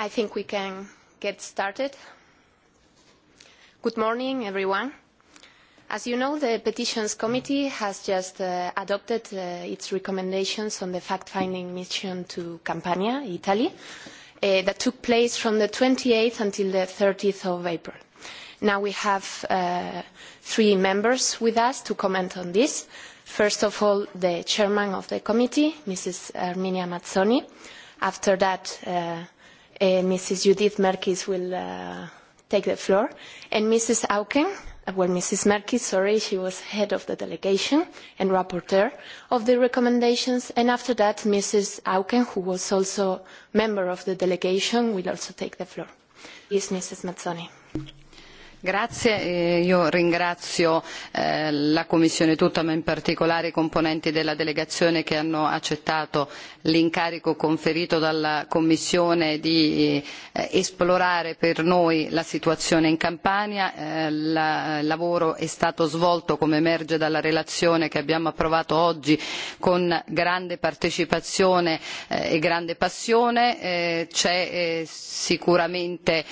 I think we can get started. Good morning, everyone. As you know, the Petitions Committee has just uh, adopted uh, its recommendations on the fact-finding mission to Campania, Italy, uh, that took place from the 28th until the 30th of April. Now we have three members with us to comment on this. First of all, the Chairman of the Committee, Mrs. Erminia Mazzoni. After that, Uh, Mrs. Judith Merkis will uh, take the floor. And Mrs. Auken, uh, well, Mrs. Merkis, sorry, she was head of the delegation and rapporteur of the recommendations. And after that, Mrs. Auken, who was also member of the delegation, will also take the floor. Yes, Mrs. Mazzoni. Grazie, e io ringrazio eh, la Commissione tutta, ma in particolare i componenti della delegazione che hanno accettato l'incarico conferito dalla Commissione di eh, esplorare per noi la situazione in Campania. Il eh, lavoro è stato svolto, come emerge dalla relazione che abbiamo approvato oggi, con grande partecipazione e grande passione. C'è sicuramente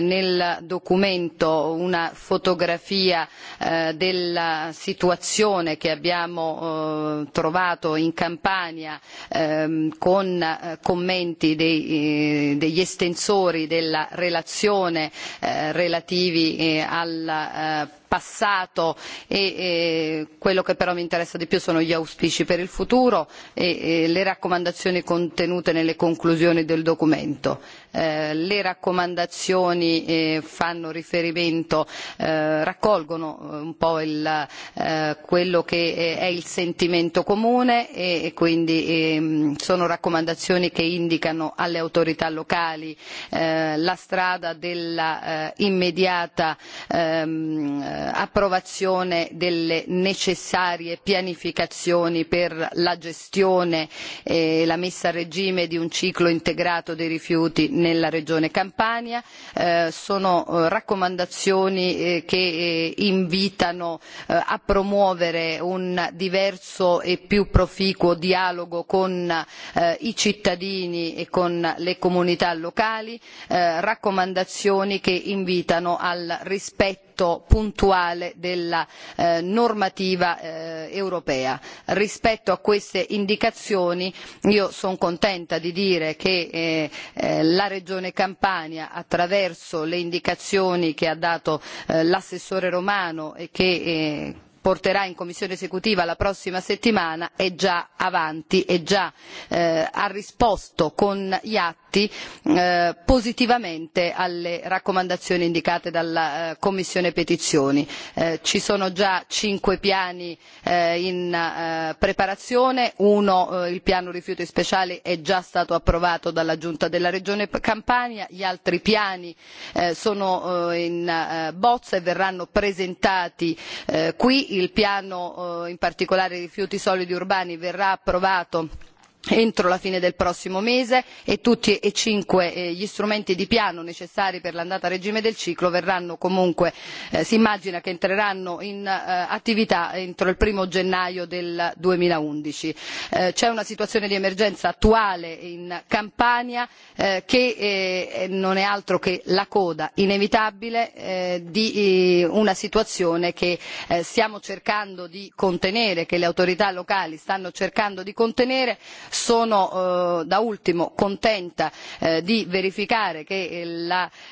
nel documento una fotografia eh, della situazione che abbiamo eh, trovato in campania ehm, con eh, commenti dei, degli estensori della relazione relativi al passato e, e quello che però mi interessa di più sono gli auspici per il futuro e, e le raccomandazioni contenute nelle conclusioni del documento. Eh, le raccomandazioni eh, fanno riferimento eh, raccolgono un po' il, quello che è il sentimento comune e, e quindi ehm, sono raccomandazioni che indicano alle autorità locali la strada dell'immediata ehm, Eh, approvazione delle necessarie pianificazioni per la gestione e la messa a regime di un ciclo integrato dei rifiuti nella regione campania eh, sono eh, raccomandazioni eh, che eh, invitano eh, a promuovere un diverso e più proficuo dialogo con eh, i cittadini e con le comunità locali eh, raccomandazioni che invitano al rispetto rispetto puntuale della eh, normativa eh, europea. rispetto a queste indicazioni io sono contenta di dire che eh, la regione campania attraverso le indicazioni che ha dato l'assessore romano e che porterà in commissione esecutiva la prossima settimana è già avanti e già ha risposto con gli atti infatti eh, positivamente alle raccomandazioni indicate dalla eh, Commissione Petizioni. Eh, ci sono già cinque piani eh, in eh, preparazione, uno eh, il piano rifiuti speciali è già stato approvato dalla Giunta della Regione Campania, gli altri piani eh, sono eh, in eh, bozza e verranno presentati eh, qui, il piano eh, in particolare rifiuti solidi urbani verrà approvato entro la fine del prossimo mese e tutti e cinque eh, gli strumenti di piano necessari per l'andata a regime del ciclo verranno comunque eh, si immagina che entreranno in eh, attività entro il primo gennaio del 2011. Eh, c'è una situazione di emergenza attuale in Campania eh, che eh, non è altro che la coda inevitabile eh, di eh, una situazione che eh, stiamo cercando di contenere, che le autorità locali stanno cercando di contenere sono eh, da ultimo contenta eh, di verificare che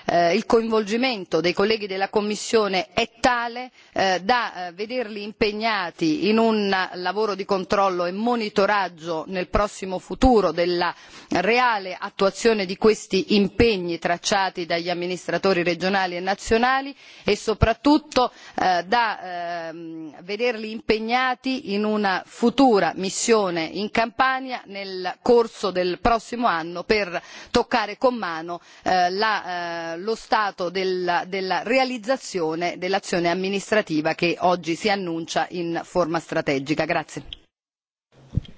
eh, il coinvolgimento dei colleghi della commissione è tale da vederli impegnati in un lavoro di controllo e monitoraggio nel prossimo futuro della reale attuazione di questi impegni tracciati dagli amministratori regionali e nazionali e soprattutto da ehm, vederli impegnati in una futura missione in campania nel corso del prossimo anno per toccare con mano eh, eh, lo stato della realizzazione dell'azione amministrativa che oggi si annuncia in forma strategica. Grazie.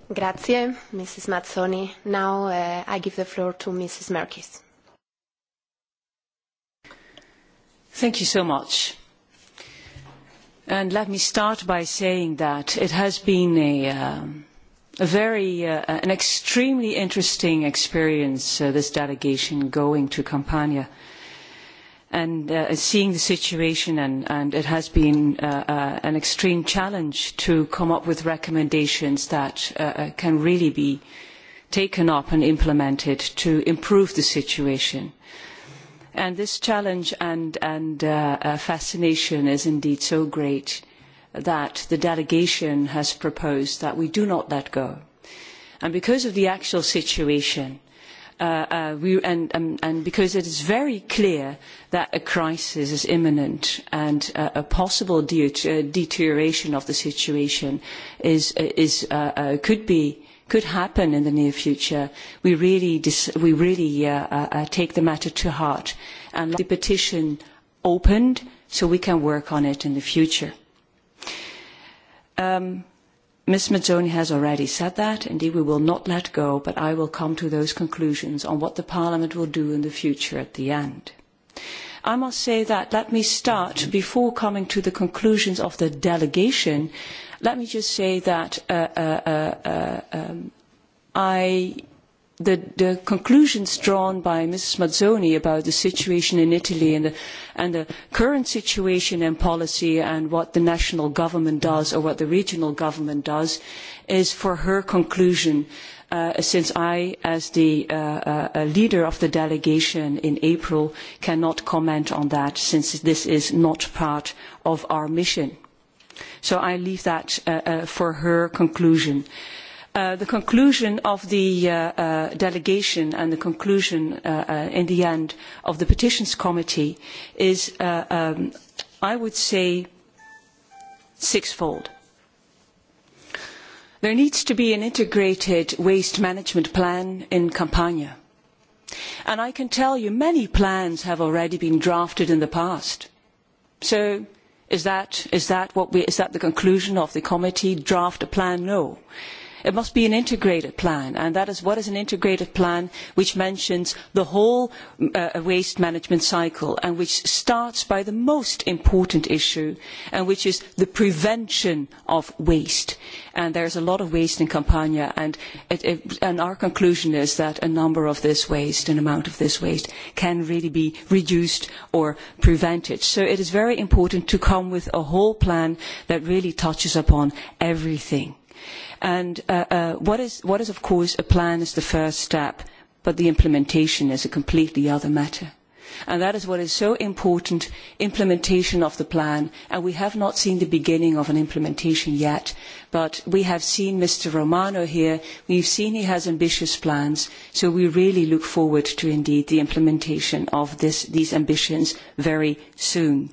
Grazie, Mrs. Mazzoni. Now uh, I give the floor to Mrs. Merkis. Thank you so much. And let me start by saying that it has been a um, very uh, an extremely interesting experience uh, this delegation going to Campania and uh, seeing the situation and, and it has been uh, uh, an extreme challenge to come up with recommendations that uh, uh can really be taken up and implemented to improve the situation. And this challenge and, and uh, uh fascination is indeed so great uh, that the delegation has proposed that we do not let go. And because of the actual situation, uh, uh, we, and, um, and because it is very clear that a crisis is imminent and uh, a possible de- uh, deterioration of the situation is, uh, is, uh, uh, could, be, could happen in the near future, we really, dis- we really uh, uh, uh, take the matter to heart and let the petition opened so we can work on it in the future. Um, Ms. Mazzoni has already said that. Indeed, we will not let go, but I will come to those conclusions on what the Parliament will do in the future at the end. I must say that let me start, before coming to the conclusions of the delegation, let me just say that uh, uh, uh, uh um, I the conclusions drawn by mrs mazzoni about the situation in italy and the current situation and policy and what the national government does or what the regional government does is for her conclusion uh, since i as the uh, uh, leader of the delegation in april cannot comment on that since this is not part of our mission. so i leave that for her conclusion. Uh, the conclusion of the uh, uh, delegation and the conclusion uh, uh, in the end of the petitions committee is, uh, um, I would say, sixfold. There needs to be an integrated waste management plan in Campania. And I can tell you many plans have already been drafted in the past. So is that, is that, what we, is that the conclusion of the committee, draft a plan? No it must be an integrated plan and that is what is an integrated plan which mentions the whole uh, uh, waste management cycle and which starts by the most important issue and which is the prevention of waste and there's a lot of waste in Campania and, it, it, and our conclusion is that a number of this waste an amount of this waste can really be reduced or prevented so it is very important to come with a whole plan that really touches upon everything And uh, uh, what, is, what is, of course, a plan is the first step, but the implementation is a completely other matter. And that is what is so important, implementation of the plan. And we have not seen the beginning of an implementation yet, but we have seen Mr. Romano here. We've seen he has ambitious plans. So we really look forward to indeed the implementation of this, these ambitions very soon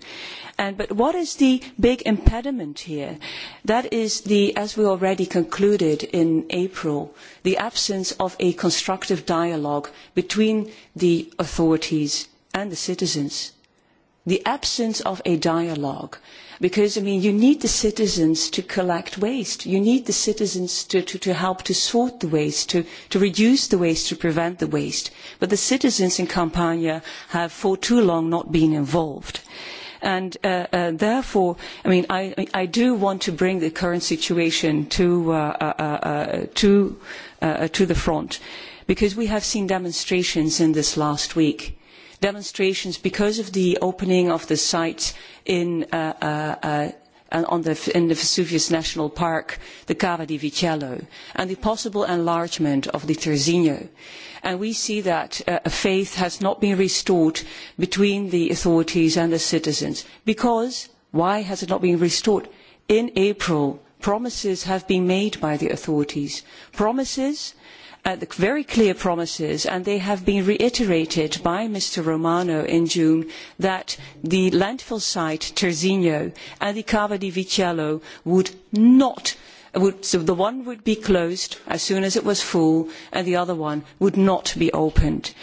but what is the big impediment here? That is the, as we already concluded in April, the absence of a constructive dialogue between the authorities and the citizens. The absence of a dialogue. Because, I mean, you need the citizens to collect waste. You need the citizens to, to, to help to sort the waste, to, to reduce the waste, to prevent the waste. But the citizens in Campania have for too long not been involved and uh, uh, therefore i mean I, I do want to bring the current situation to uh, uh, uh, uh to uh, uh, to the front because we have seen demonstrations in this last week demonstrations because of the opening of the site in uh, uh, uh, on the, in the Vesuvius National Park, the Cava di Vicello, and the possible enlargement of the Terzigno. And we see that uh, a faith has not been restored between the authorities and the citizens. Because, why has it not been restored? In April, promises have been made by the authorities. Promises uh, the very clear promises, and they have been reiterated by Mr. Romano in June, that the landfill site Terzigno and the Cava di Vicello would not, would, so the one would be closed as soon as it was full, and the other one would not be opened.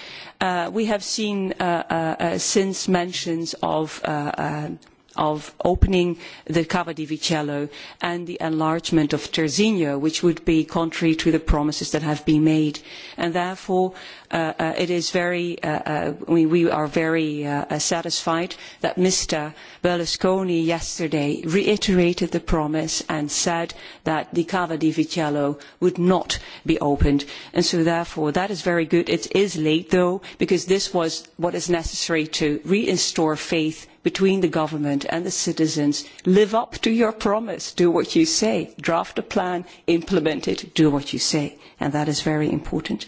Uh, we have seen uh, uh, uh, since mentions of uh, uh, of opening the Cava di Vicello and the enlargement of Terzigno, which would be contrary to the promises that have been made. And therefore, uh, uh, it is very, uh, uh, we, we are very uh, uh, satisfied that Mr. Berlusconi yesterday reiterated the promise and said that the Cava di Vicello would not be opened. And so therefore, that is very good. It is late, though, because this was what is necessary to reinstore faith between the government and the citizens. Live up to your promise. Do what you say. Draft a plan. Implement it. Do what you say and that is very important.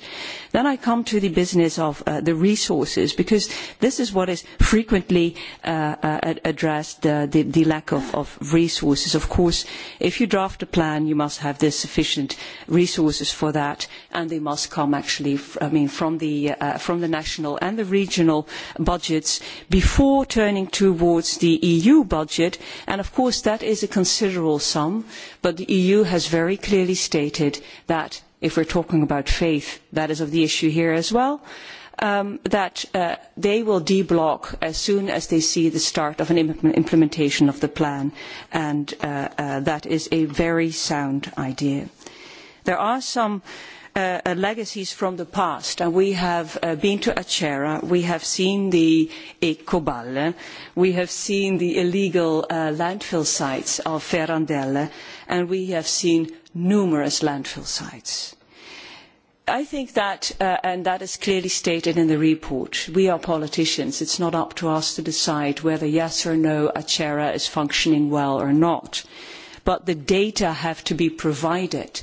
Then I come to the business of uh, the resources, because this is what is frequently uh, uh, addressed, uh, the, the lack of, of resources. Of course, if you draft a plan, you must have the sufficient resources for that, and they must come actually, I mean, from the, uh, uh, from the national and the regional budgets before turning towards the EU budget. And of course, that is a considerable sum, but the EU has very clearly stated that if we're talking about faith, that is of the issue here as well, um, that uh, they will de-block as soon as they see the start of an imp- implementation of the plan, and uh, uh, that is a very sound idea. There are some uh, uh, legacies from the past, and we have uh, been to Acera, we have seen the Ecoballe, we have seen the illegal uh, landfill sites of Ferrandelle, and we have seen numerous landfill sites. I think that, uh, and that is clearly stated in the report, we are politicians. It's not up to us to decide whether yes or no Achera is functioning well or not. But the data have to be provided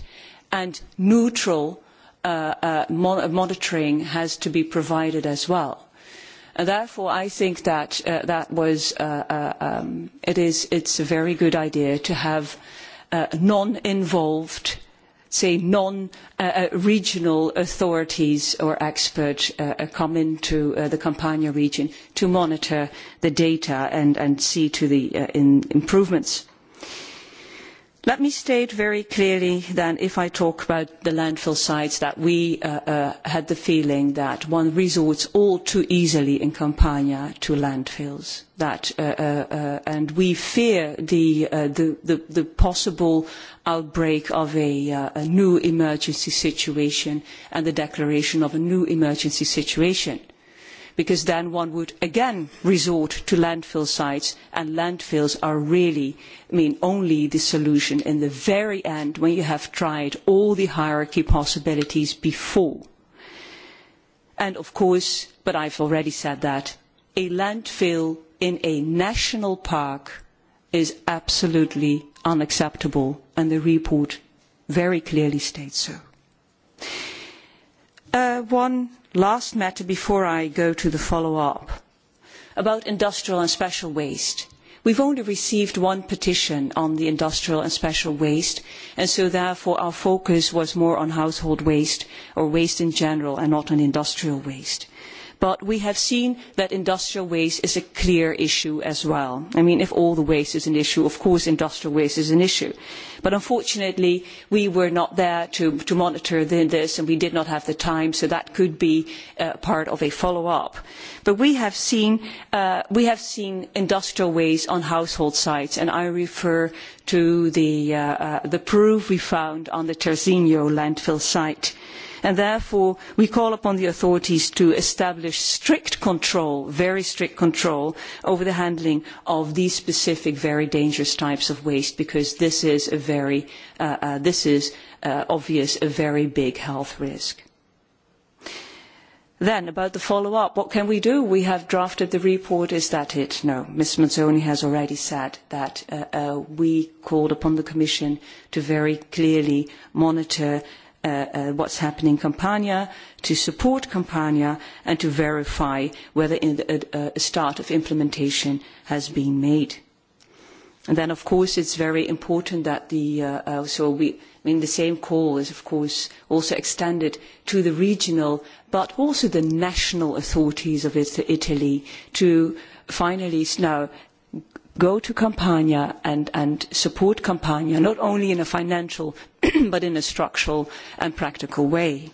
and neutral uh, uh, mon monitoring has to be provided as well. And therefore, I think that uh, that was, uh, uh, um, it is, it's a very good idea to have uh, Uh, non involved say non uh, uh, regional authorities or experts uh, uh, come into uh, the Campania region to monitor the data and, and see to the uh, in improvements let me state very clearly that if i talk about the landfill sites that we uh, uh, had the feeling that one resorts all too easily in campania to landfills that uh, uh, uh, and we fear the, uh, the the the possible outbreak of a, uh, a new emergency situation and the declaration of a new emergency situation because then one would again resort to landfill sites and landfills are really I mean, only the solution in the very end when you have tried all the hierarchy possibilities before. And of course, but I've already said that, a landfill in a national park is absolutely unacceptable and the report very clearly states so. Uh, one last matter before I go to the follow-up, about industrial and special waste. We've only received one petition on the industrial and special waste, and so therefore our focus was more on household waste or waste in general and not on industrial waste but we have seen that industrial waste is a clear issue as well. I mean, if all the waste is an issue, of course industrial waste is an issue. But unfortunately, we were not there to, to monitor the, this and we did not have the time, so that could be uh, part of a follow-up. But we have, seen, uh, we have seen industrial waste on household sites, and I refer to the, uh, uh, the proof we found on the Terzinho landfill site therefore we call upon the authorities to establish strict control very strict control over the handling of these specific very dangerous types of waste because this is a very uh, uh, this is uh, obvious a very big health risk then about the follow up what can we do we have drafted the report is that it no ms mazzoni has already said that uh, uh, we called upon the commission to very clearly monitor Uh, uh, what's happening in Campania, to support Campania, and to verify whether in the, a, uh, uh, a start of implementation has been made. And then, of course, it's very important that the, uh, uh, so we, I mean, the same call is, of course, also extended to the regional, but also the national authorities of Italy to finally now go to Campania and, and support Campania, not only in a financial, but in a structural and practical way.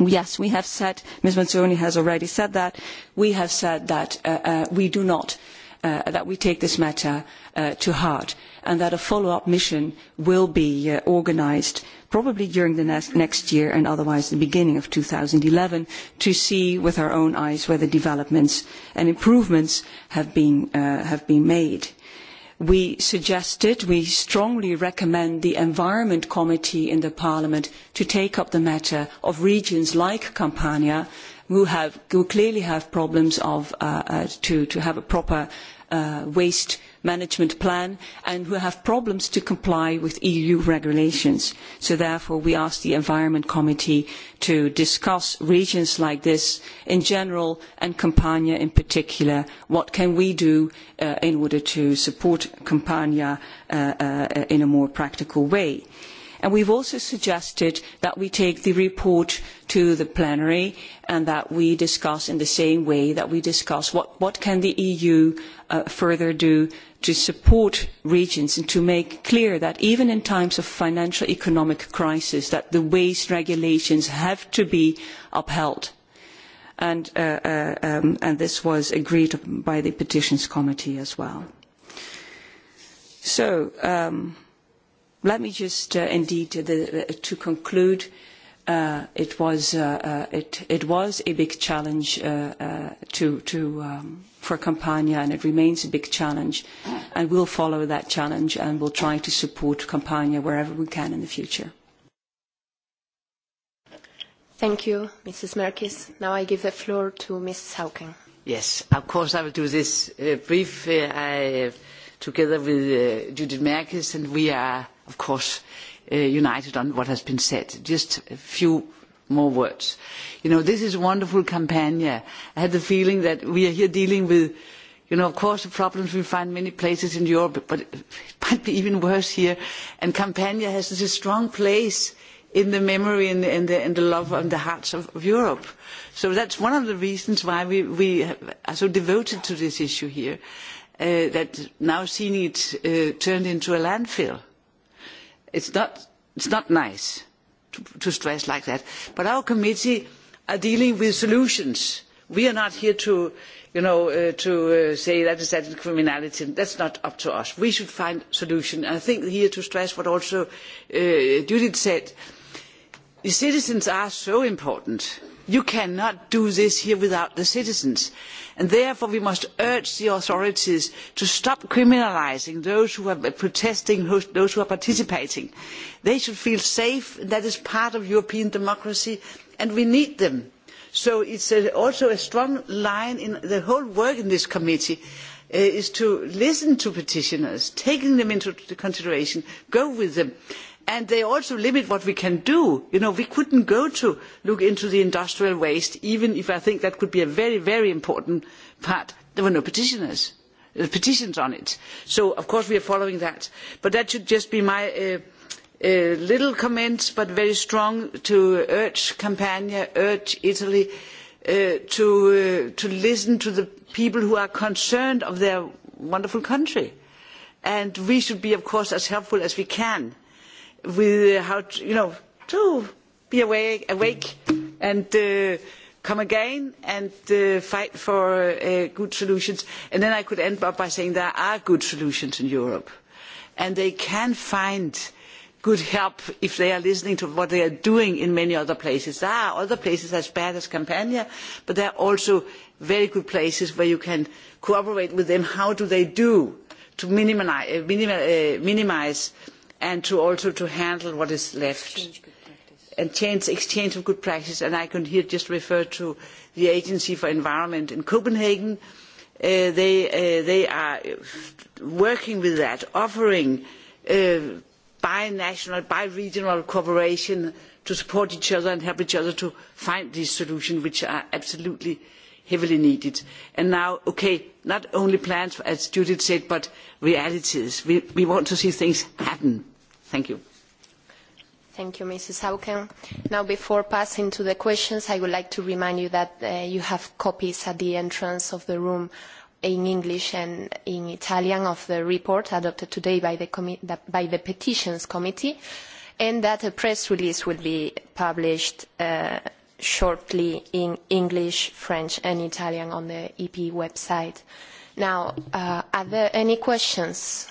Yes, we have said, Ms. Mazzoni has already said that, we have said that uh, uh, we do not, uh, that we take this matter uh, to heart and that a follow up mission will be uh, organised probably during the next, next year and otherwise the beginning of 2011 to see with our own eyes whether developments and improvements have been, uh, have been made. We suggested, we strongly recommend the Environment Committee in the Parliament to take up the matter of regions like Campania who, have, who clearly have problems of, uh, uh, to, to have a proper uh, waste management plan and who have problems to comply with EU regulations. So therefore we ask the Environment Committee to discuss regions like this in general and Campania in particular. What can we do uh, in order to support Campania uh, uh, in a more practical way? And we've also suggested that we take the report to the plenary and that we discuss in the same way that we discuss what, what can the EU uh, further do to support regions and to make clear that even in times of financial economic crisis that the waste regulations have to be upheld and, uh, uh, um, and this was agreed by the petitions committee as well. So um, let me just uh, indeed uh, the, uh, to conclude uh, it was uh, uh, it, it was a big challenge uh, uh, to to um, for Campania, and it remains a big challenge. And we'll follow that challenge and we'll try to support Campania wherever we can in the future. Thank you, Mrs. Merkis. Now I give the floor to Mrs. Hauken. Yes, of course, I will do this uh, brief. Uh, I, uh, together with uh, Judith Merkis, and we are, of course, uh, united on what has been said. Just a few more words. You know, this is a wonderful campaign. I had the feeling that we are here dealing with, you know, of course, the problems we find many places in Europe, but it might be even worse here. And Campania has this strong place in the memory and the, and the, and the love and the hearts of, of Europe. So that's one of the reasons why we, we are so devoted to this issue here, uh, that now seeing it uh, turned into a landfill. It's not, it's not nice to stress like that. But our committee are dealing with solutions. We are not here to, you know, uh, to uh, say that is that is criminality. That's not up to us. We should find solution. And I think here to stress what also uh, Judith said. The citizens are so important you cannot do this here without the citizens and therefore we must urge the authorities to stop criminalising those who are protesting those who are participating. they should feel safe that is part of european democracy and we need them. so it is also a strong line in the whole work in this committee uh, is to listen to petitioners taking them into consideration go with them and they also limit what we can do. You know, we couldn't go to look into the industrial waste, even if I think that could be a very, very important part. There were no petitioners, the petitions on it. So, of course, we are following that. But that should just be my uh, uh, little comment, but very strong to urge Campania, urge Italy uh, to, uh, to listen to the people who are concerned of their wonderful country. And we should be, of course, as helpful as we can with how to, you know to be away, awake and uh, come again and uh, fight for uh, good solutions. And then I could end up by saying there are good solutions in Europe, and they can find good help if they are listening to what they are doing in many other places. There are other places as bad as Campania, but there are also very good places where you can cooperate with them. How do they do to minimize, uh, uh, minimize, uh, minimize and to also to handle what is left and change exchange of good practice and I can here just refer to the Agency for Environment in Copenhagen. Uh, they, uh, they are working with that, offering uh, bi-national, bi-regional cooperation to support each other and help each other to find these solutions which are absolutely uh, heavily needed and now okay not only plans as judith said but realities we, we want to see things happen thank you Thank you, Mrs. Hauken. Now, before passing to the questions, I would like to remind you that uh, you have copies at the entrance of the room in English and in Italian of the report adopted today by the, comi- the, by the Petitions Committee, and that a press release will be published uh, shortly in English, French, and Italian on the EP website. Now, uh, are there any questions?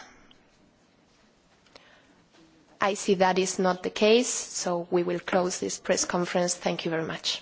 I see that is not the case, so we will close this press conference. Thank you very much.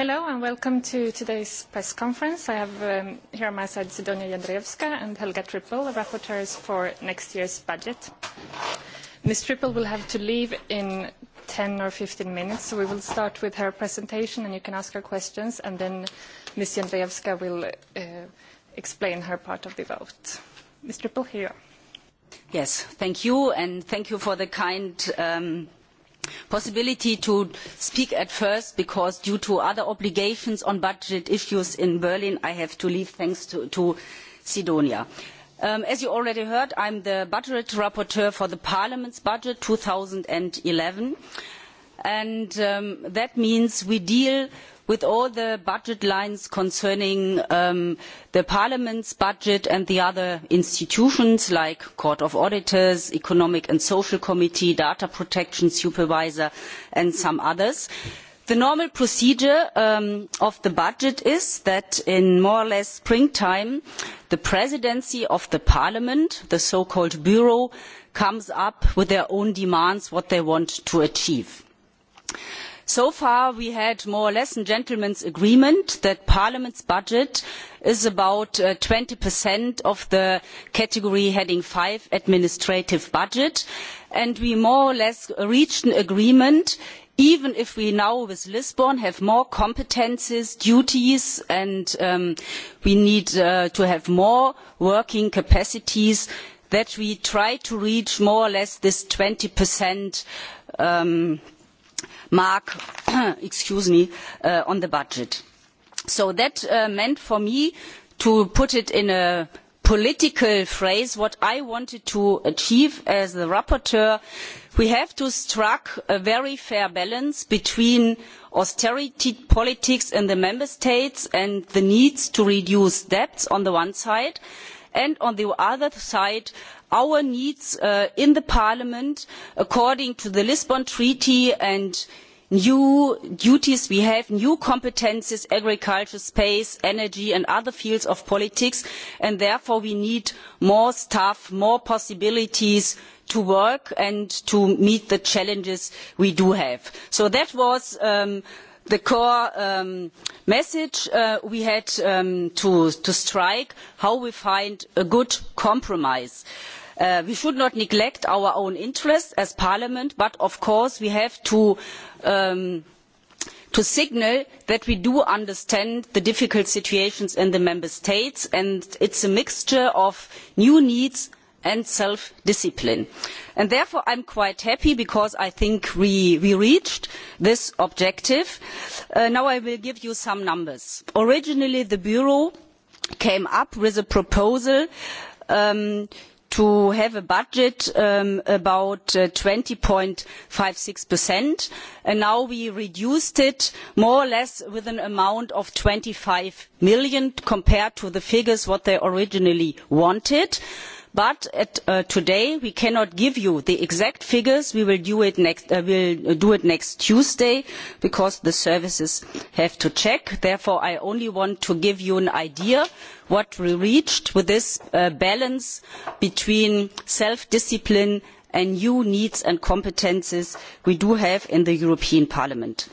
Hello, and welcome to today's press conference. I have um, here on my side, Sidonia Jandrijewska and Helga Trippel, rapporteurs for next year's budget. Ms. Trippel will have to leave in 10 or 15 minutes, so we will start with her presentation, and you can ask her questions, and then Ms. Jandrijewska will uh, explain her part of the vote. Ms. Trippel, here you are. Yes, thank you, and thank you for the kind um, possibility to speak at first because due to other obligations on budget issues in berlin i have to leave thanks to sidonia. Um, as you already heard i am the budget rapporteur for parliament's budget two thousand and eleven and um, that means we deal with all the budget lines concerning um, parliament's budget and the other institutions like the court of auditors the economic and social committee the data protection supervisor and some others the normal procedure um, of the budget is that in more or less springtime the presidency of parliament the so called bureau comes up with their own demands on what they want to achieve so far we had more or less a gentleman's agreement that parliament's budget is about uh, twenty of the category heading five administrative budget and we more or less reached an agreement even if we now with lisbon have more competences duties and um, we need uh, to have more working capacities that we try to reach more or less this twenty um, mark uh, on the budget. so that uh, meant for me to put it in a political phrase what i wanted to achieve as the rapporteur we have to strike a very fair balance between austerity politics in the member states and the need to reduce debts on the one hand and on the other side our needs uh, in the parliament according to the lisbon treaty and new duties we have new competences agriculture space energy and other fields of politics and therefore we need more staff more possibilities to work and to meet the challenges we do have. so that was um, the core um, message uh, we had um, to, to strike, how we find a good compromise. Uh, we should not neglect our own interests as parliament, but of course we have to, um, to signal that we do understand the difficult situations in the member states, and it's a mixture of new needs and self discipline. therefore i am quite happy because i think we reached this objective. Uh, now i will give you some numbers. originally the bureau came up with a proposal um, to have a budget um, about uh, 20.56% and now we reduced it more or less with an amount of 25 million compared to the figures what they originally wanted. Uh, but uh, today we cannot give you the exact figures we will uh, uh, do it next tuesday because the services have to check therefore i only want to give you an idea of what we reached with this balance between self discipline and new needs and competences we have in the european parliament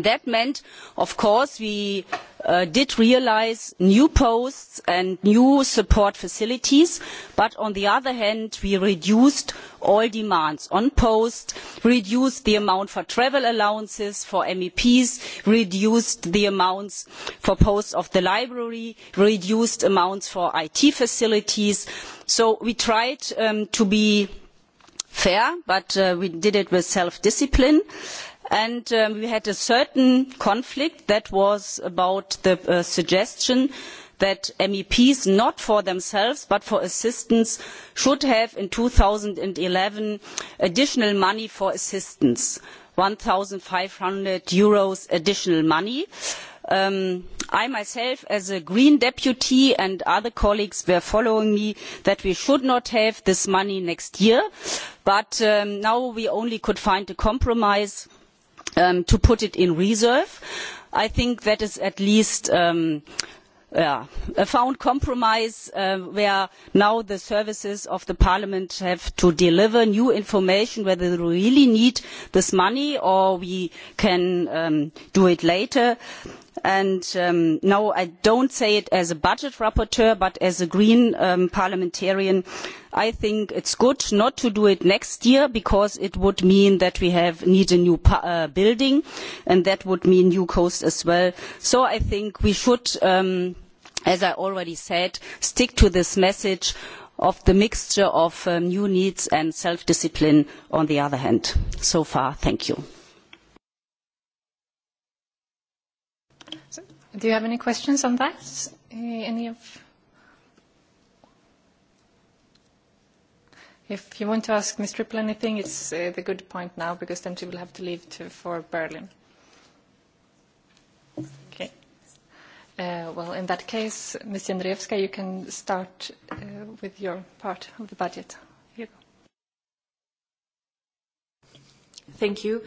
that meant of course we uh, did realize new posts and new support facilities but on the other hand we reduced all demands on post reduced the amount for travel allowances for MEPs reduced the amounts for posts of the library reduced amounts for IT facilities so we tried um, to be fair but uh, we did it with self discipline and um, we had a certain conflict that was about the uh, suggestion that meps not for themselves but for assistance should have in two thousand and eleven additional money for assistance eur one five hundred additional money. Um, i myself as a green deputy and other colleagues were following me that we should not have this money next year but um, now we could only find a compromise Um, to put it in reserve. I think that is at least um, yeah, a found compromise uh, where now the services of the parliament have to deliver new information whether they really need this money or we can um, do it later. Uh, and um, no i do not say it as a budget rapporteur but as a green um, parliamentarian i think it is good not to do it next year because it would mean that we need a new uh, building and that would mean new costs as well. so i think we should um, as i already said stick to this message of the mixture of new needs and self discipline on the one hand. so far thank you. Do you have any questions on that? Eh, any of... If you want to ask Ms. Triple anything, it's eh, the good point now, because then she will have to leave to, for Berlin. Okay. Eh, well, in that case, Ms. Jędrzejewska, you can start with your part of the budget. Here you go. Thank you.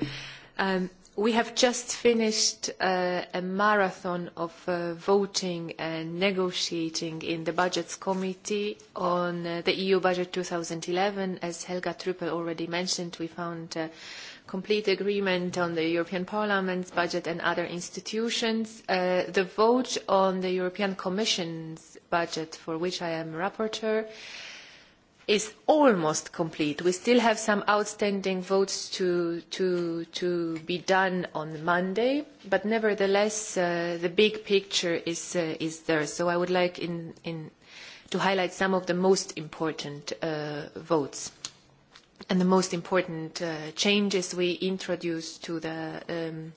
Um, We have just finished uh, a marathon of uh, voting and negotiating in the Budgets Committee on uh, the EU Budget 2011. As Helga Truppel already mentioned, we found uh, complete agreement on the European Parliament's budget and other institutions. Uh, the vote on the European Commission's budget, for which I am rapporteur, uh, is almost complete. We still have some outstanding votes to, to, to be done on Monday, but nevertheless, uh, the big picture is, uh, is there. So I would like in, in, to highlight some of the most important uh, votes and the most important uh, changes we introduced to the um,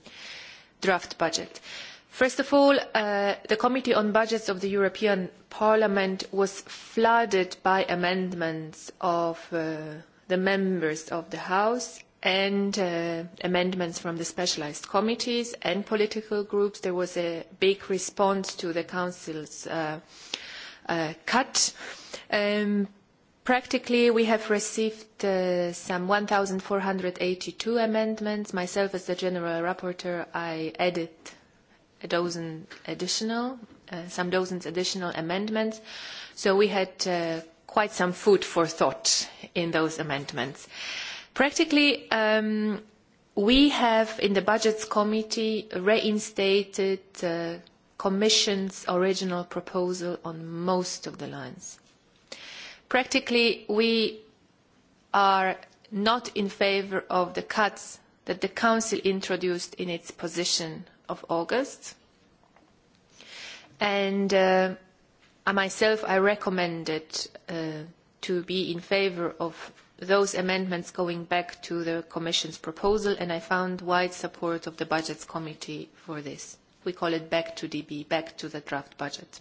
draft budget. Uh, First of all, uh, the Committee on Budgets of the European Parliament was flooded by amendments of uh, the members of the House and uh, amendments from the specialized committees and political groups. There was a big response to the Council's uh, uh, cut. Um, practically, we have received uh, some 1,482 amendments. Myself, as the General Rapporteur, I edit a dozen additional, uh, some dozens additional amendments. So we had uh, quite some food for thought in those amendments. Practically, um, we have in the Budgets Committee reinstated the uh, Commission's original proposal on most of the lines. Practically, we are not in favor of the cuts that the Council introduced in its position of August. And uh, I myself, I recommended uh, to be in favor of those amendments going back to the Commission's proposal, and I found wide support of the Budgets Committee for this. We call it back to DB, back to the draft budget.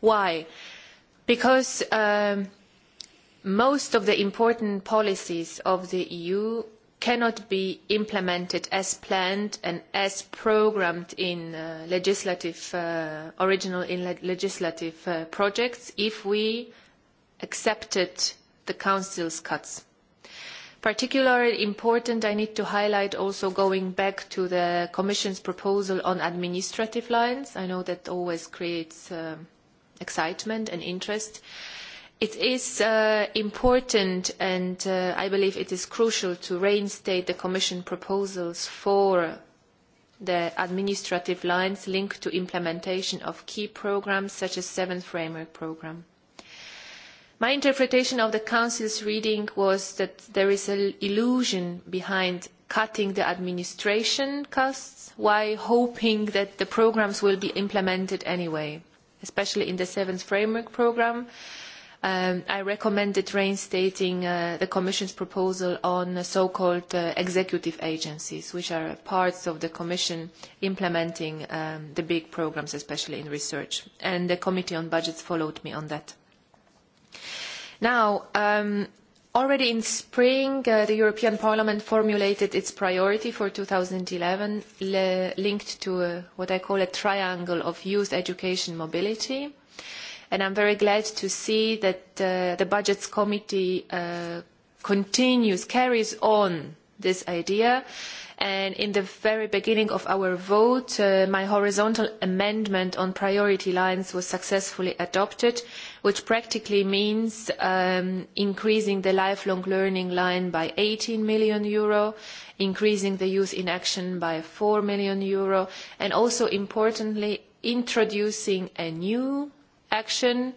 Why? Because um, most of the important policies of the EU cannot be implemented as planned and as programmed in uh, legislative uh, original in le legislative uh, projects if we accepted the council's cuts particularly important i need to highlight also going back to the commission's proposal on administrative lines i know that always creates uh, excitement and interest uh, It is uh, important and uh, I believe it is crucial to reinstate the Commission proposals for the administrative lines linked to implementation of key programs such as the 7th Framework Program. My interpretation of the Council's reading was that there is an illusion behind cutting the administration costs while hoping that the programs will be implemented anyway, especially in the 7th Framework Program. Uh, um, I recommended reinstating uh, the Commission's proposal on so-called uh, executive agencies, which are parts of the Commission implementing um, the big programs, especially in research. And the Committee on Budgets followed me on that. Now, um, already in spring, uh, the European Parliament formulated its priority for 2011, le linked to a, what I call a triangle of youth education mobility. Uh, and I'm very glad to see that uh, the Budgets Committee uh, continues, carries on this idea. And in the very beginning of our vote, uh, my horizontal amendment on priority lines was successfully adopted, which practically means um, increasing the lifelong learning line by 18 million euro, increasing the youth in action by 4 million euro, and also importantly, introducing a new action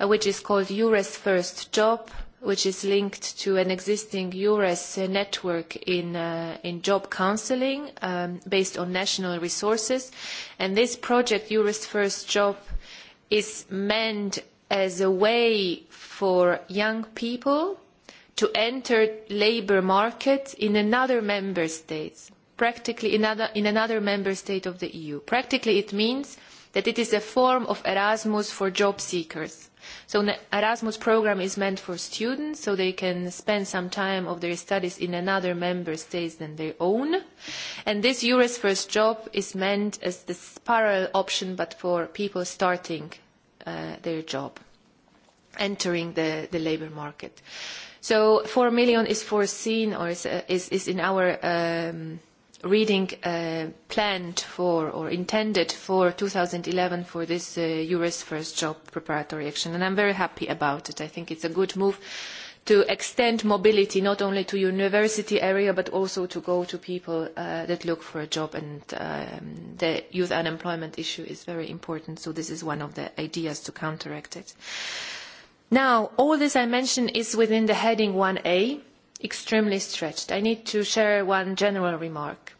uh, which is called eures first job which is linked to an existing eures network in uh, in job counseling um, based on national resources and this project eures first job is meant as a way for young people to enter labor market in another member state practically in another in another member state of the eu practically it means that it is a form of Erasmus for job seekers. So an Erasmus program is meant for students so they can spend some time of their studies in another member state than their own. And this Euros first job is meant as this parallel option but for people starting uh, their job, entering the, the labor market. So 4 million is foreseen or is, uh, is, is in our um, reading uh, planned for or intended for 2011 for this Euris uh, first job preparatory action. And I'm very happy about it. I think it's a good move to extend mobility not only to university area but also to go to people uh, that look for a job and um, the youth unemployment issue is very important so this is one of the ideas to counteract it. Now all this I mentioned is within the heading 1A extremely stretched. I need to share one general remark.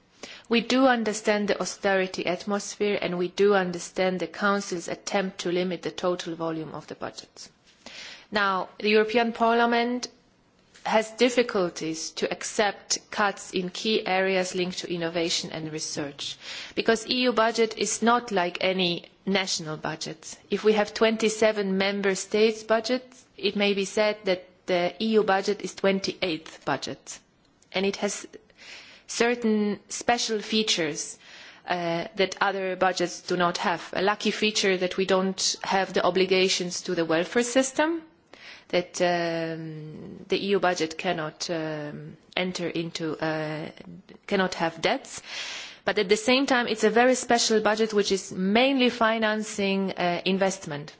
We do understand the austerity atmosphere and we do understand the Council's attempt to limit the total volume of the budgets. Now, the European Parliament has difficulties to accept cuts in key areas linked to innovation and research because EU budget is not like any national budget. If we have 27 member states' budgets, it may be said that the EU budget is 28th budget, and it has certain special features uh, that other budgets do not have. A lucky feature that we don't have the obligations to the welfare system, that um, the EU budget cannot um, enter into, uh, cannot have debts. But at the same time, it's a very special budget which is mainly financing uh, investment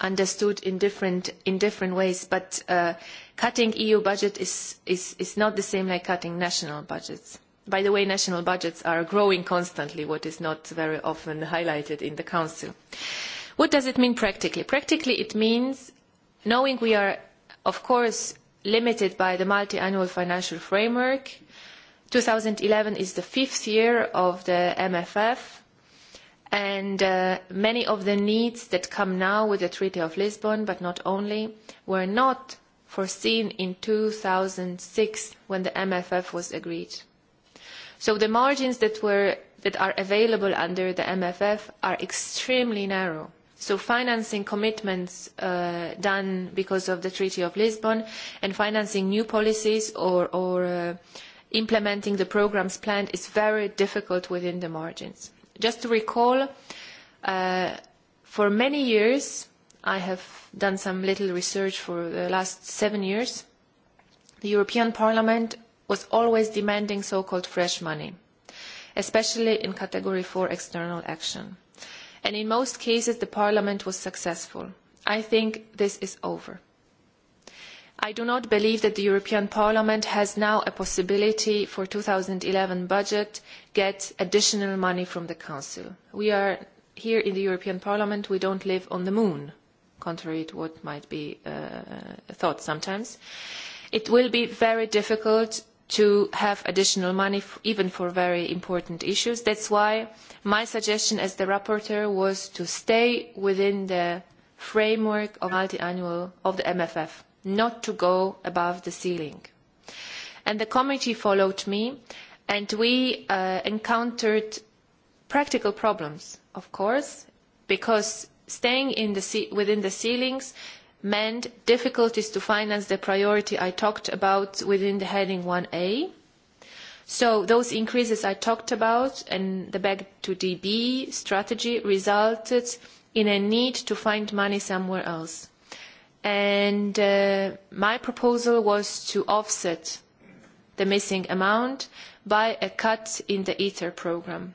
understood in different in different ways. But uh, cutting EU budget is is is not the same like cutting national budgets. By the way, national budgets are growing constantly, what is not very often highlighted in the Council. What does it mean practically? Practically, it means knowing we are, of course, limited by the multi-annual financial framework. 2011 is the fifth year of the MFF and uh, many of the needs that come now with the Treaty of Lisbon, but not only, were not foreseen in 2006 when the MFF was agreed. So the margins that, were, that are available under the MFF are extremely narrow. So financing commitments uh, done because of the Treaty of Lisbon and financing new policies or, or uh, implementing the programs planned is very difficult within the margins just to recall, uh, for many years, I have done some little research for the last seven years, the European Parliament was always demanding so-called fresh money, especially in Category 4 external action. And in most cases, the Parliament was successful. I think this is over i do not believe that the european parliament has now a possibility for the two thousand and eleven budget to get additional money from the council. we are here in the european parliament we do not live on the moon contrary to what might be uh, thought sometimes. it will be very difficult to have additional money f- even for very important issues. that is why my suggestion as the rapporteur was to stay within the framework of the multiannual of the mff not to go above the ceiling. And the committee followed me, and we uh, encountered practical problems, of course, because staying in the ce- within the ceilings meant difficulties to finance the priority I talked about within the heading 1A. So those increases I talked about and the back to DB strategy resulted in a need to find money somewhere else and uh, my proposal was to offset the missing amount by a cut in the ITER program.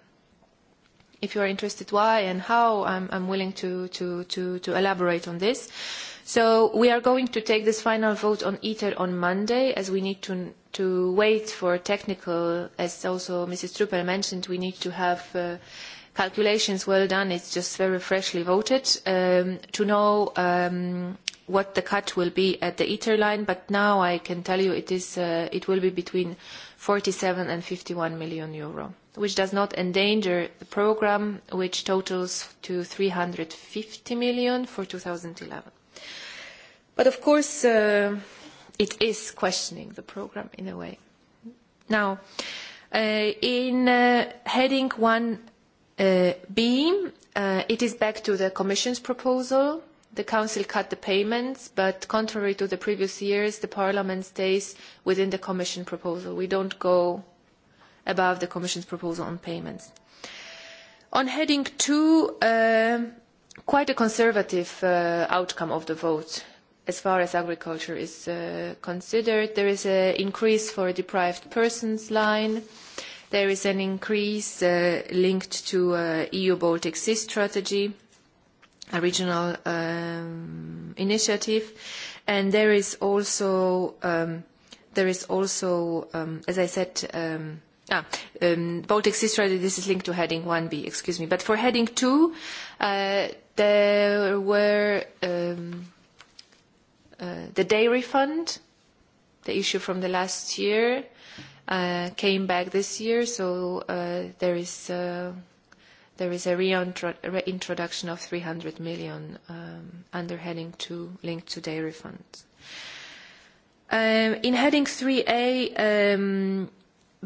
If you are interested why and how, I'm willing to elaborate on this. So we are going to take this final vote on ITER on Monday, as we need to wait for technical, as also Mrs. Trüpper mentioned, we need to have uh, calculations well done. It's just very freshly voted um, to know um, what the cut will be at the ITER line. But now I can tell you it is uh, it will be between 47 and 51 million euro, which does not endanger the program, which totals to 350 million for 2011. But of course, uh, it is questioning the program in a way. Now. Uh, in uh, heading 1 Uh, B, uh, it is back to the Commission's proposal. The Council cut the payments, but contrary to the previous years, the Parliament stays within the Commission proposal. We don't go above the Commission's proposal on payments. On heading two, uh, quite a conservative uh, outcome of the vote as far as agriculture is uh, considered. There is an increase for a deprived persons line. Uh, There is an increase uh, linked to uh, EU-Baltic Sea Strategy, a regional um, initiative. There is also, um, um, as I said, ah, Baltic Sea Strategy, this is linked to heading 1B, excuse me. But for heading 2, uh, there were the dairy fund, the issue from the last year, Uh, came back this year, so uh, uh, there is a reintroduction of 300 million um, under heading 2, linked to day refunds. Um, in heading 3A, um,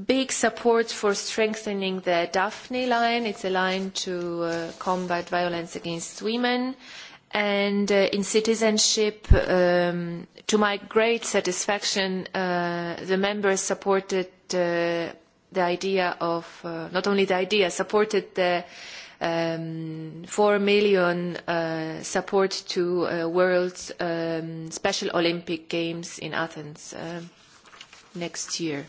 big support for strengthening the DAPFNE line. It's a line to combat violence against women and uh, in citizenship. Um, to my great satisfaction, uh, the members supported uh, the idea of, uh, not only the idea, supported the um, 4 million uh, support to uh, World's um, Special Olympic Games in Athens uh, next year.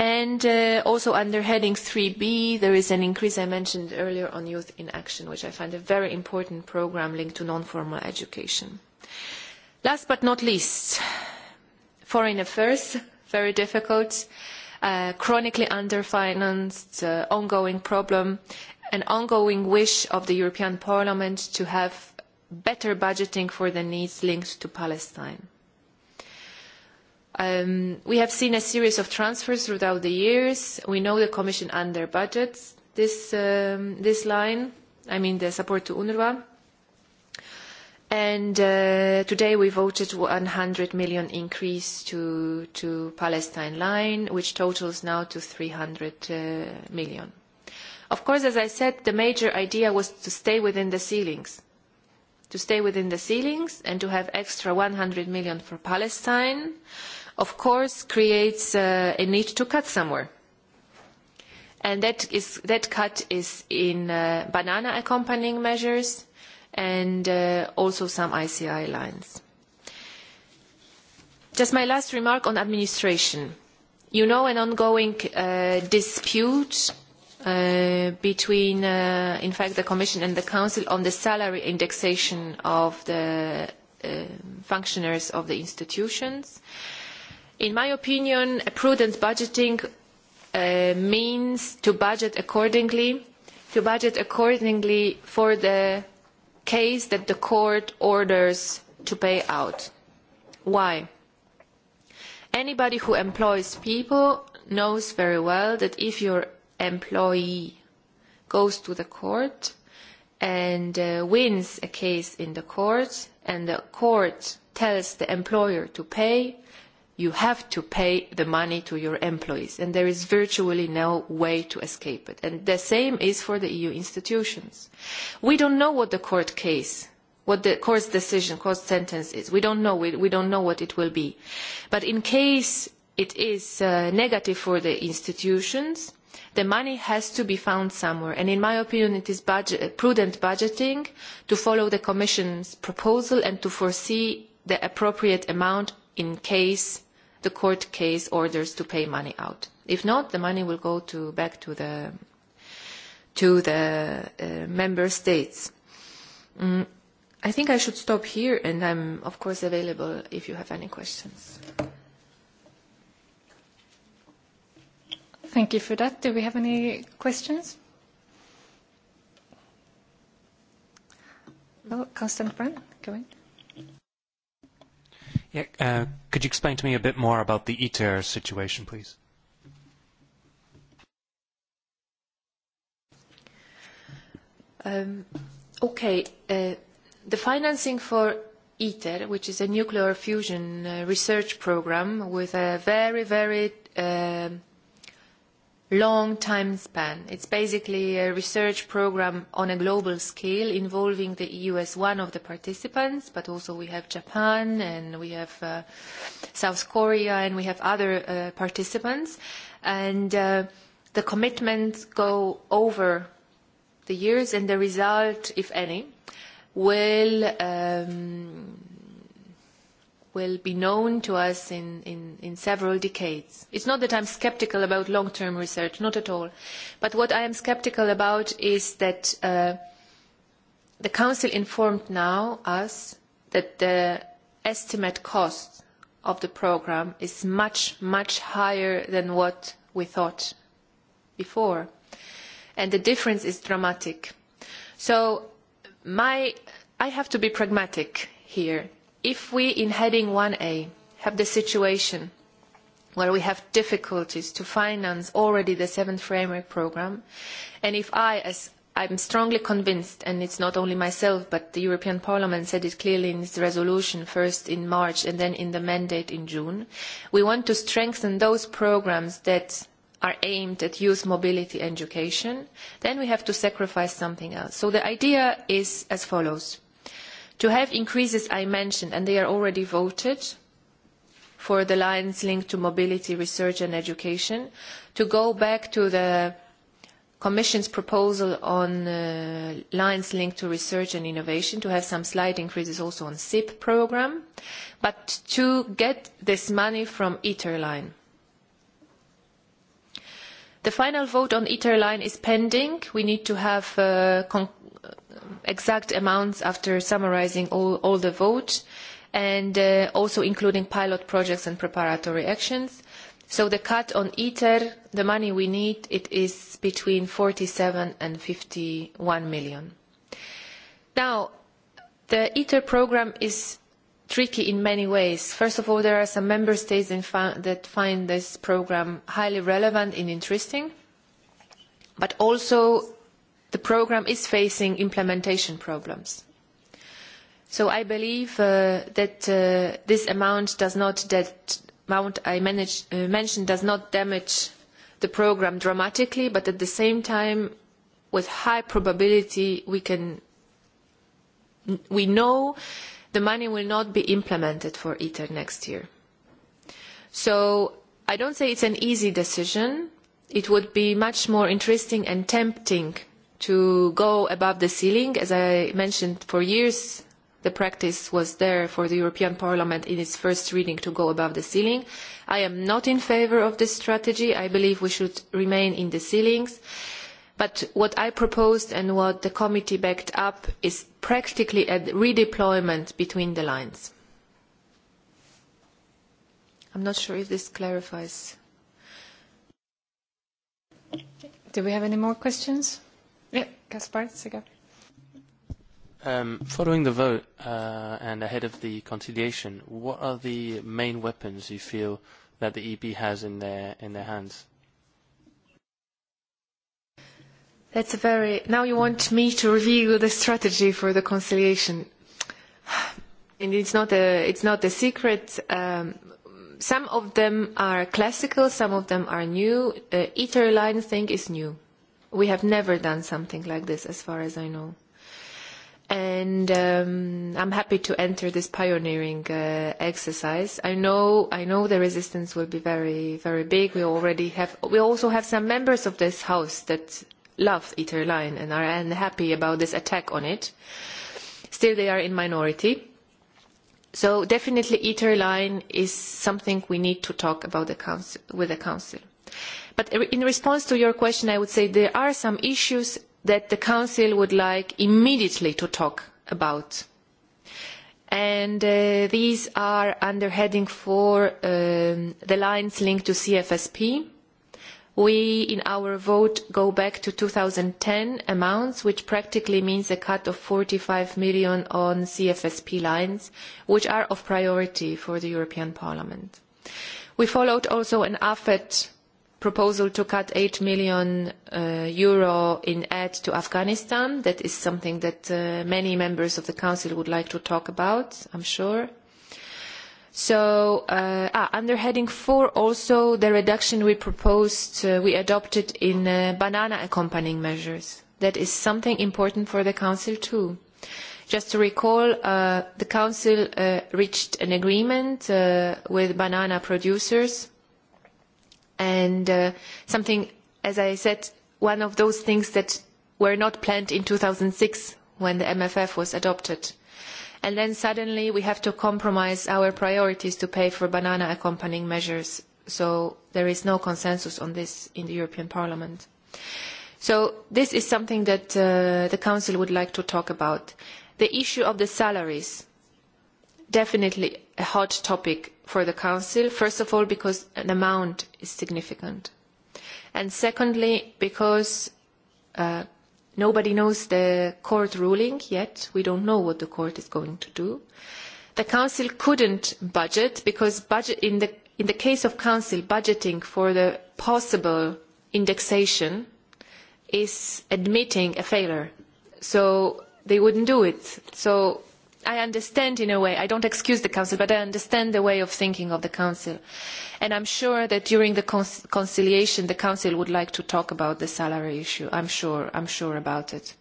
Uh, also under heading 3B, there is an increase I mentioned earlier on Youth in Action, which I find a very important program linked to non-formal education. Last but not least, foreign affairs, very difficult, uh, chronically underfinanced, uh, ongoing problem, an ongoing wish of the European Parliament to have better budgeting for the needs linked to Palestine. Um, we have seen a series of transfers throughout the years. We know the Commission under budgets this, um, this line, I mean, the support to UNRWA. And uh, today we voted 100 million increase to Palestine line, which totals now to 300 uh, million. Of course, as I said, the major idea was to stay within the ceilings. To stay within the ceilings and to have extra 100 million for Palestine, of course, creates uh, a need to cut somewhere. And that, is, that cut is in uh, banana accompanying measures and uh, also some ICI lines. Just my last remark on administration. You know an ongoing uh, dispute uh, between, uh, in fact, the Commission and the Council on the salary indexation of the uh, functionaries of the institutions. Uh, In my opinion, prudent budgeting uh, means to budget accordingly, to budget accordingly for the case that the court orders to pay out. Why? Anybody who employs people knows very well that if your employee goes to the court and uh, wins a case in the court, and the court tells the employer to pay, you have to pay the money to your employees and there is virtually no way to escape it. And the same is for the EU institutions. We don't know what the court case, what the court's decision, court sentence is. We don't know, we, we don't know what it will be. But in case it is uh, negative for the institutions, the money has to be found somewhere. And in my opinion, it is budget, uh, prudent budgeting to follow the Commission's proposal and to foresee the appropriate amount in case the court case orders to pay money out. If not, the money will go to back to the to the uh, member states. Mm, I think I should stop here, and I'm of course available if you have any questions. Thank you for that. Do we have any questions? Oh, Constant Brand, go ahead. Yeah. Uh, could you explain to me a bit more about the ITER situation, please? Um, okay. Uh, the financing for ITER, which is a nuclear fusion uh, research program with a very um, long time span. It's basically a research program on a global scale involving the EU as one of the participants, but also we have Japan and we have uh, South Korea and we have other uh, participants. And uh, the commitments go over the years and the result, if any, will um, will be known to us in, in, in several decades. It's not that I'm skeptical about long term research, not at all. But what I am skeptical about is that uh, the Council informed now us that the estimate cost of the program is much, much higher than what we thought before. And the difference is dramatic. So my, I have to be pragmatic here if we in heading 1A have the situation where we have difficulties to finance already the seventh framework program, and if I, as I'm strongly convinced, and it's not only myself, but the European Parliament said it clearly in its resolution, first in March and then in the mandate in June, we want to strengthen those programs that are aimed at youth mobility education, then we have to sacrifice something else. So the idea is as follows to have increases I mentioned, and they are already voted for the lines linked to mobility, research, and education, to go back to the Commission's proposal on uh, lines linked to research and innovation, to have some slight increases also on SIP program, but to get this money from ITER line. The final vote on ITER line is pending. We need to have uh, exact amounts after summarizing all the vote and uh, also including pilot projects and preparatory actions. The cut on ITER, the money we need, it is between 47 million and 51 million. Now, the ITER program is tricky in many ways. First of all, there are some member states that find this program highly relevant and interesting, but also the program is facing implementation problems. So I believe uh, that uh, this amount does not that amount I manage, uh, mentioned does not damage the program dramatically, but at the same time, with high probability, we can we know the money will not be implemented for ITER next year. So I don't say it's an easy decision. It would be much more interesting and tempting to go above the ceiling. As I mentioned, for years, the practice was there for the European Parliament in its first reading to go above the ceiling. I am not in favour of this strategy. I believe we should remain in the ceilings. But what I proposed and what the committee backed up is practically a redeployment between the lines. I'm not sure if this clarifies. Do we have any more questions? Caspar, second. Um, following the vote uh, and ahead of the conciliation, what are the main weapons you feel that the EB has in their in their hands? That's a very. Now you want me to review the strategy for the conciliation, and it's not a it's not a secret. Um, some of them are classical, some of them are new. Uh, ITER line thing is new we have never done something like this as far as i know and um, i'm happy to enter this pioneering uh, exercise i know i know the resistance will be very very big we already have we also have some members of this house that love etherline and are unhappy about this attack on it still they are in minority so definitely etherline is something we need to talk about the council, with the council in response to your question i would say there are some issues that the council would like immediately to talk about and uh, these are under heading for um, the lines linked to cfsp we in our vote go back to 2010 amounts which practically means a cut of 45 million on cfsp lines which are of priority for the european parliament we followed also an AFET proposal to cut 8 million uh, euro in aid to Afghanistan. That is something that uh, many members of the Council would like to talk about, I'm sure. So uh, ah, under heading 4 also the reduction we proposed, uh, we adopted in uh, banana accompanying measures. That is something important for the Council too. Just to recall, uh, the Council uh, reached an agreement uh, with banana producers uh, and uh, something, as I said, one of those things that were not planned in 2006 when the MFF was adopted. And then suddenly we have to compromise our priorities to pay for banana accompanying measures. So there is no consensus on this in the European Parliament. So this is something that uh, the Council would like to talk about. The issue of the salaries definitely a hot topic for the Council, first of all because an amount is significant, and secondly because uh, nobody knows the court ruling yet, we don't know what the court is going to do. The Council couldn't budget because budget in, the, in the case of Council, budgeting for the possible indexation is admitting a failure. So they wouldn't do it. So I understand in a way, I don't excuse the council, but I understand the way of thinking of the council. And I'm sure that during the con- conciliation, the council would like to talk about the salary issue. I'm sure, I'm sure about it.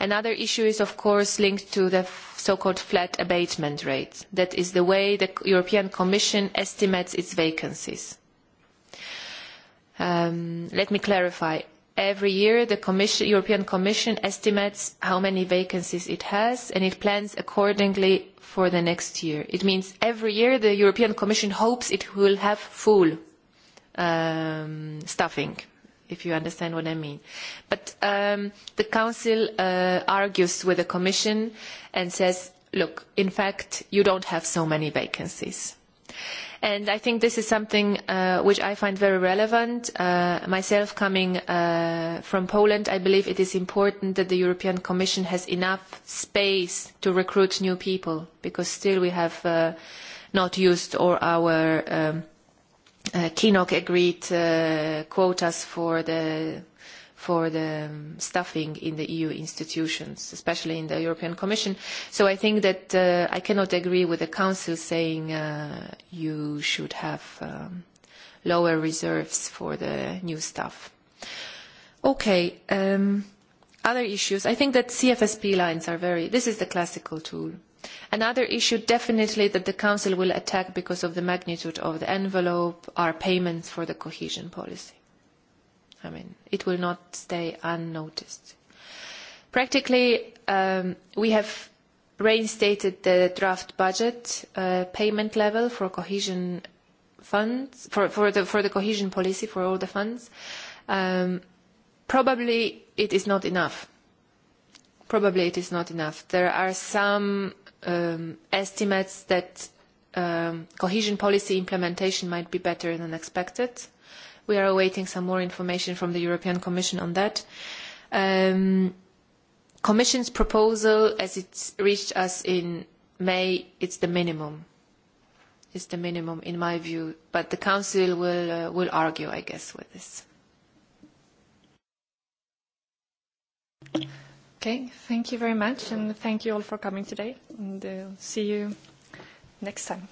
Another issue is, of course, linked to the f- so-called flat abatement rate. That is the way the European Commission estimates its vacancies. Um, let me clarify. Every year, the commission, European Commission estimates how many vacancies it has and it plans accordingly for the next year. It means every year the European Commission hopes it will have full um, stuffing, if you understand what I mean. But um, the Council uh, argues with the Commission and says, look, in fact, you don't have so many vacancies. Uh, And I think this is something uh, which I find very relevant. Uh, myself coming uh, from Poland, I believe it is important that the European Commission has enough space to recruit new people because still we have uh, not used all our um, uh, KINOC agreed uh, quotas for the for the stuffing in the EU institutions, especially in the European Commission. So I think that uh, I cannot agree with the Council saying uh, you should have um, lower reserves for the new stuff. Okay. Um, other issues, I think that CFSP lines are very, this is the classical tool. Another issue definitely that the Council will attack because of the magnitude of the envelope are payments for the cohesion policy. I mean, it will not stay unnoticed. Practically, um, we have reinstated the draft budget uh, payment level for cohesion funds for, for the for the cohesion policy for all the funds. Um, probably it is not enough. Probably it is not enough. There are some um, estimates that um, cohesion policy implementation might be better than expected. We are awaiting some more information from the European Commission on that. Um, Commission's proposal, as it's reached us in May, it's the minimum. It's the minimum, in my view. But the Council will, uh, will argue, I guess, with this. Okay, thank you very much, and thank you all for coming today, and uh, see you next time.